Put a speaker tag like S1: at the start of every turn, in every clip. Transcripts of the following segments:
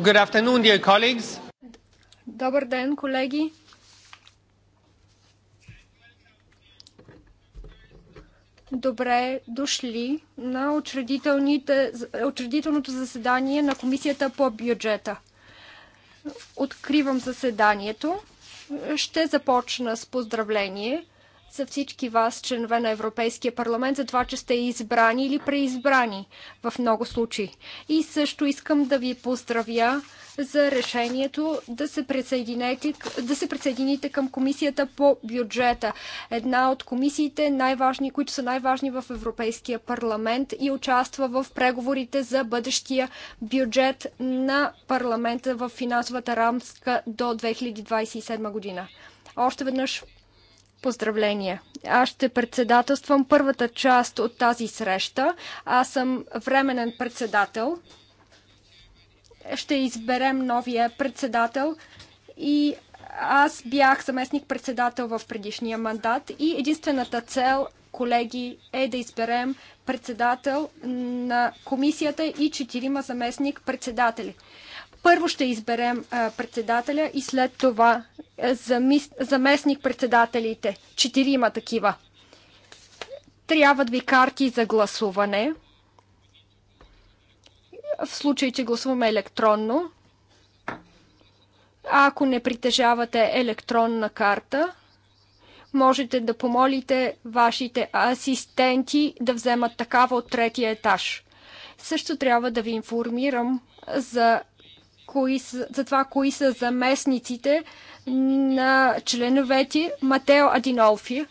S1: Good afternoon, dear colleagues.
S2: Добър ден, колеги. Добре дошли на учредителното заседание на Комисията по бюджета. Откривам заседанието. Ще започна с поздравление за всички вас, членове на Европейския парламент, за това, че сте избрани или преизбрани в много случаи. И също искам да ви поздравя за решението да се, присъедините, да се присъедините към комисията по бюджета. Една от комисиите, най-важни, които са най-важни в Европейския парламент и участва в преговорите за бъдещия бюджет на парламента в финансовата рамска до 2027 година. Още веднъж Поздравления! Аз ще председателствам първата част от тази среща. Аз съм временен председател. Ще изберем новия председател и аз бях заместник председател в предишния мандат и единствената цел, колеги, е да изберем председател на комисията и четирима заместник председатели. Първо ще изберем председателя и след това заместник-председателите. Четири има такива. Трябват ви карти за гласуване. В случай, че гласуваме електронно. А ако не притежавате електронна карта, можете да помолите вашите асистенти да вземат такава от третия етаж. Също трябва да ви информирам за, кои, за това, кои са заместниците на членовете Матео Адинолфи,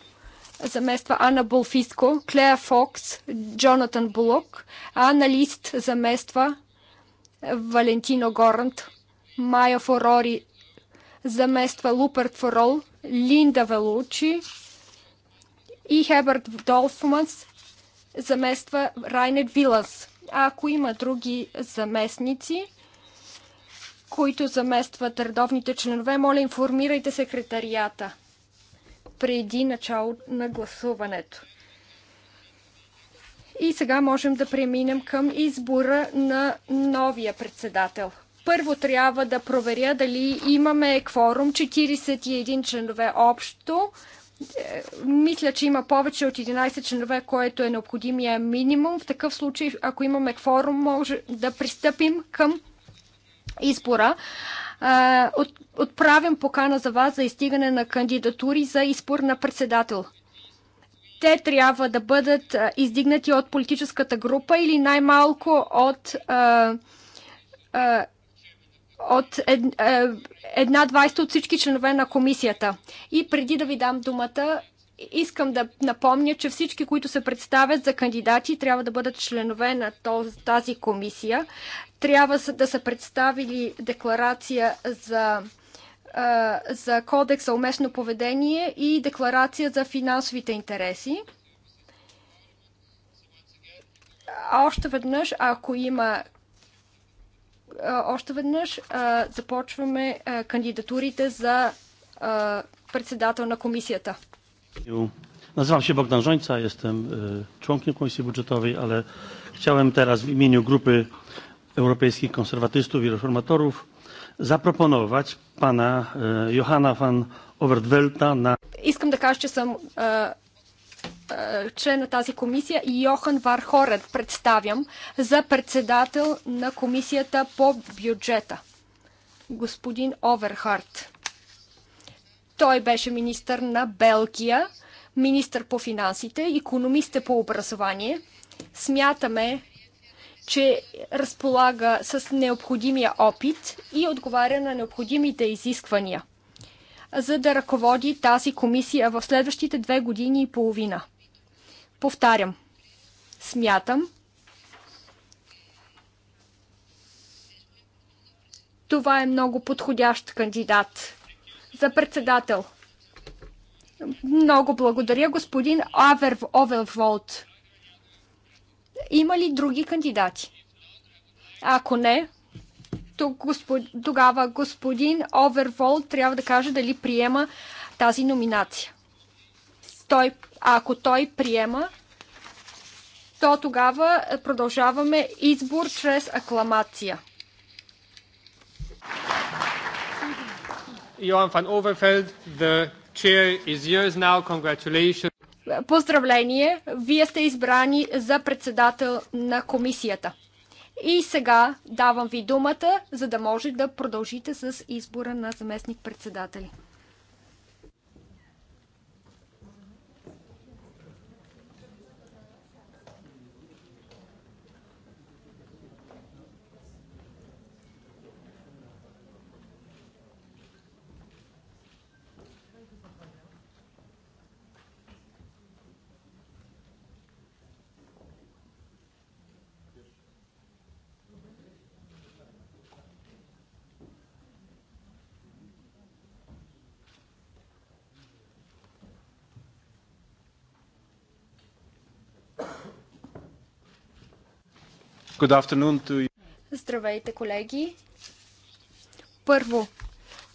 S2: замества Ана Болфиско, Клея Фокс, Джонатан Булок, на Лист замества Валентино Горант, Майя Форори замества Луперт Форол, Линда Велучи и Хебърт Долфманс замества Райнет Вилас. А ако има други заместници, които заместват редовните членове, моля информирайте секретарията преди начало на гласуването. И сега можем да преминем към избора на новия председател. Първо трябва да проверя дали имаме кворум 41 членове общо. Е, мисля, че има повече от 11 членове, което е необходимия минимум. В такъв случай, ако имаме кворум, може да пристъпим към избора, отправям покана за вас за изтигане на кандидатури за избор на председател. Те трябва да бъдат издигнати от политическата група или най-малко от от една двайста от всички членове на комисията. И преди да ви дам думата, Искам да напомня, че всички, които се представят за кандидати, трябва да бъдат членове на тази комисия. Трябва да са представили декларация за за кодекса уместно поведение и декларация за финансовите интереси. Още веднъж, ако има още веднъж започваме кандидатурите за председател на комисията.
S1: Nazywam się Bogdan Żońca, jestem członkiem Komisji Budżetowej,
S2: ale chciałem teraz w imieniu Grupy Europejskich Konserwatystów i Reformatorów zaproponować pana Johanna van Overtvelta na Iskam da кажа, че съм а, а, член на тази комисия и Йохан Вархорет представям за председател на комисията по бюджета. Господин Оверхарт. Той беше министър на Белгия, министър по финансите, економист е по образование. Смятаме, че разполага с необходимия опит и отговаря на необходимите изисквания, за да ръководи тази комисия в следващите две години и половина. Повтарям, смятам, това е много подходящ кандидат за председател. Много благодаря, господин Авер Овелволт. Има ли други кандидати? Ако не, тогава господин Оверволт трябва да каже дали приема тази номинация. Той, ако той приема, то тогава продължаваме избор чрез акламация.
S1: Йоан Фан Оверфелд. The chair is yours now. Congratulations.
S2: Поздравление! Вие сте избрани за председател на комисията. И сега давам ви думата, за да може да продължите с избора на заместник-председатели.
S1: To...
S2: Здравейте, колеги! Първо,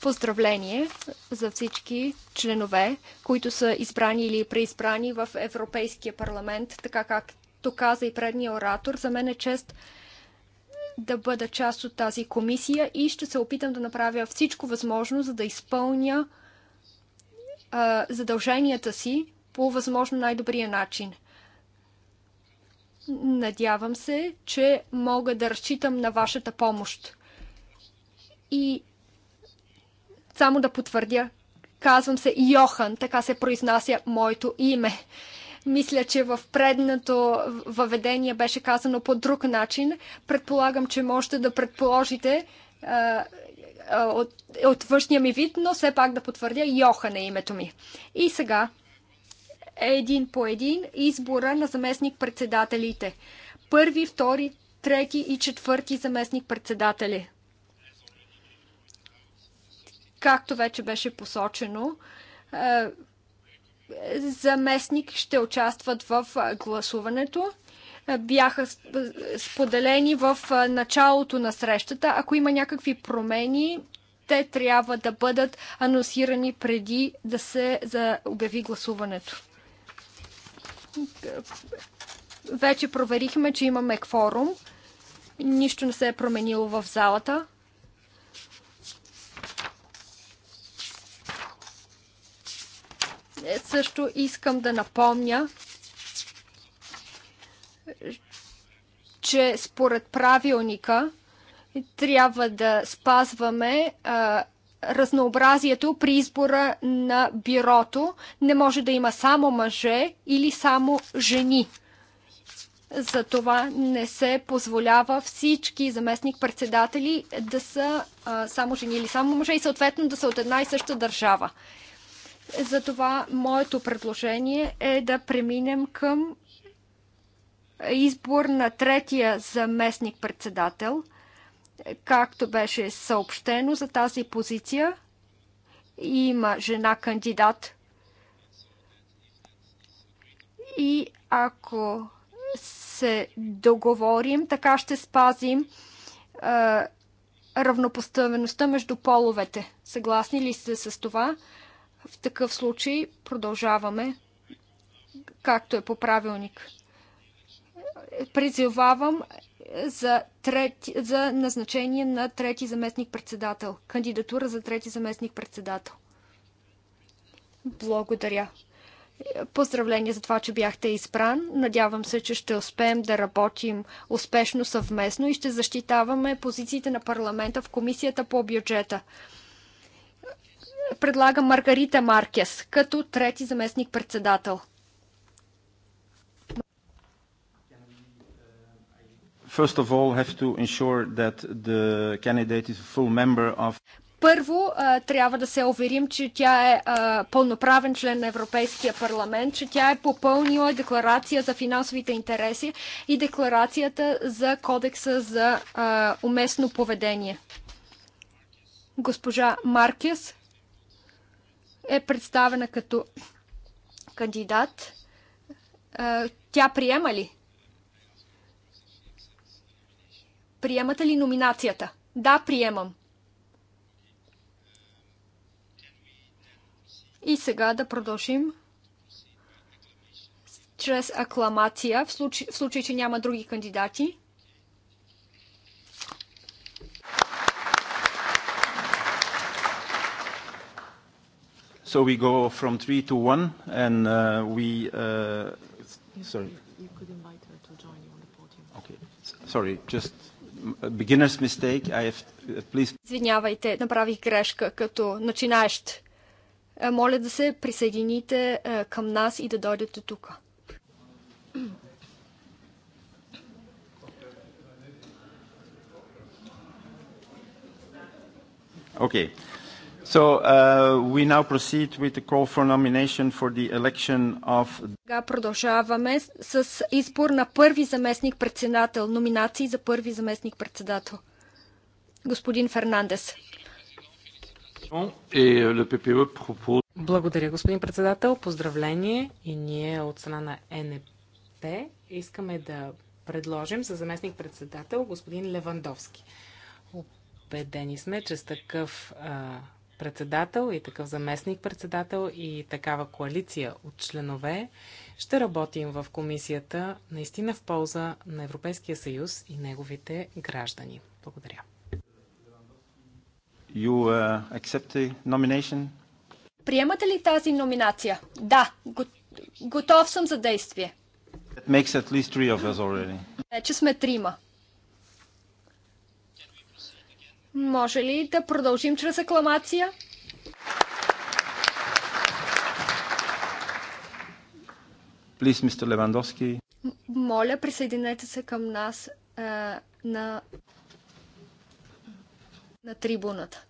S2: поздравление за всички членове, които са избрани или преизбрани в Европейския парламент, така както каза и предния оратор. За мен е чест да бъда част от тази комисия и ще се опитам да направя всичко възможно, за да изпълня а, задълженията си по възможно най-добрия начин – Надявам се, че мога да разчитам на вашата помощ. И само да потвърдя, казвам се Йохан, така се произнася моето име. Мисля, че в предното въведение беше казано по друг начин. Предполагам, че можете да предположите а, а, от, от външния ми вид, но все пак да потвърдя Йохан е името ми. И сега един по един избора на заместник-председателите. Първи, втори, трети и четвърти заместник-председатели. Както вече беше посочено, е, заместник ще участват в гласуването. Е, бяха споделени в е, началото на срещата. Ако има някакви промени, те трябва да бъдат анонсирани преди да се обяви гласуването. Вече проверихме, че имаме кворум. Нищо не се е променило в залата. Е, също искам да напомня, че според правилника трябва да спазваме а, разнообразието при избора на бюрото. Не може да има само мъже или само жени. Затова не се позволява всички заместник-председатели да са а, само жени или само мъже и съответно да са от една и съща държава. Затова моето предложение е да преминем към избор на третия заместник-председател – Както беше съобщено за тази позиция, има жена кандидат. И ако се договорим, така ще спазим е, равнопоставеността между половете. Съгласни ли сте с това? В такъв случай продължаваме както е по правилник. Призивавам за, трети, за назначение на трети заместник-председател. Кандидатура за трети заместник-председател. Благодаря. Поздравление за това, че бяхте избран. Надявам се, че ще успеем да работим успешно съвместно и ще защитаваме позициите на парламента в комисията по бюджета. Предлагам Маргарита Маркес като трети заместник-председател.
S1: First of all, have to ensure that the candidate is a full member of
S2: първо трябва да се уверим, че тя е пълноправен член на Европейския парламент, че тя е попълнила декларация за финансовите интереси и декларацията за кодекса за уместно поведение. Госпожа Маркес е представена като кандидат. Тя приема ли? Приемате ли номинацията? Да, приемам. И сега да продължим чрез акламация, в случай, в случай че няма други кандидати.
S1: So we go from three to one, and uh, we. Uh, sorry. You could invite her to join you on the podium. Okay. S Sorry, just beginner's mistake. I have, please...
S2: Извинявайте, направих грешка като начинаещ. Е, моля да се присъедините е, към нас и да дойдете тук.
S1: Okay. Uh,
S2: Сега продължаваме с избор на първи заместник-председател, номинации за първи заместник-председател. Господин Фернандес.
S1: Euh, e
S2: Благодаря, господин председател. Поздравление и ние от страна на НП искаме да предложим за заместник-председател господин Левандовски. Убедени сме, че с такъв а, председател и такъв заместник-председател и такава коалиция от членове, ще работим в комисията наистина в полза на Европейския съюз и неговите граждани. Благодаря.
S1: You, uh, accept the nomination?
S2: Приемате ли тази номинация? Да, готов съм за действие.
S1: That makes at least three of us already.
S2: Вече сме трима. Може ли да продължим чрез акламация?
S1: Please, Mr. Lewandowski.
S2: Моля, присъединете се към нас е, на, на трибуната.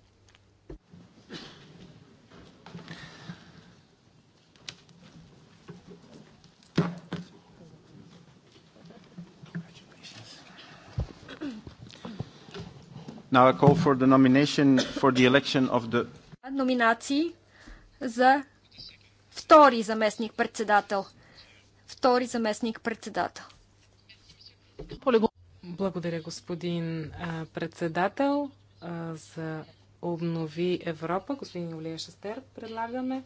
S1: Now I call for the nomination for the election of the...
S2: Номинации за втори заместник председател. Втори заместник председател. Благодаря, господин председател, за Обнови Европа. Господин Олия Шестер предлагаме.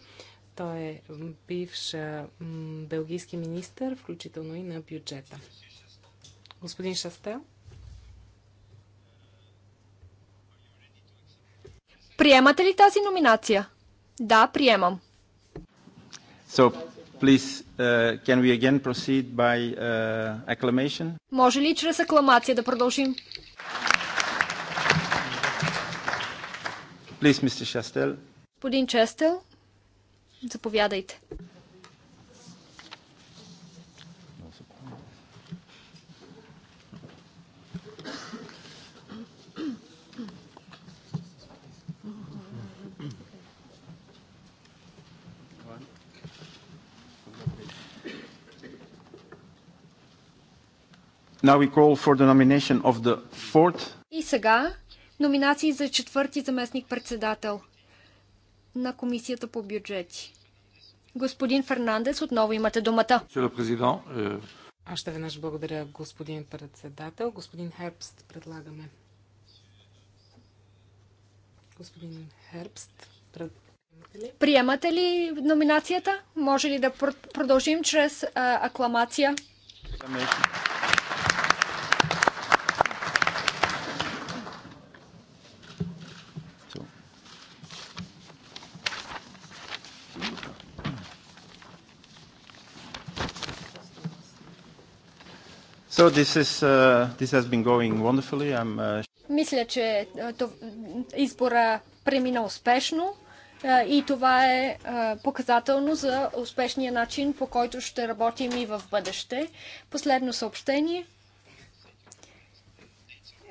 S2: Той е бивш белгийски министр, включително и на бюджета. Господин Шастел. Приемате ли тази номинация? Да, приемам.
S1: So, please, uh, can we again proceed by uh, acclamation?
S2: Може ли чрез акламация да продължим?
S1: Please, Mr. Chastel.
S2: Господин Честел, заповядайте.
S1: Now we call for the nomination of the fourth.
S2: И сега номинации за четвърти заместник председател на Комисията по бюджети. Господин Фернандес, отново имате думата. Още веднъж благодаря, господин председател. Господин Хербст предлагаме. Господин Хербст, предлагаме. Приемате ли номинацията? Може ли да продължим чрез а, акламация?
S1: So this is, uh, this has been going wonderfully. I'm, uh...
S2: Мисля, че избора премина успешно и това е показателно за успешния начин, по който ще работим и в бъдеще. Последно съобщение.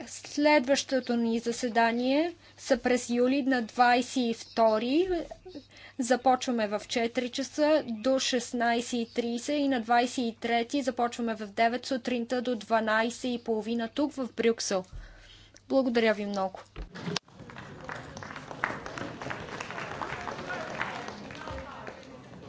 S2: Следващото ни заседание са през юли на 22 Започваме в 4 часа до 16.30 и на 23 започваме в 9 сутринта до 12.30 тук в Брюксел. Благодаря ви много.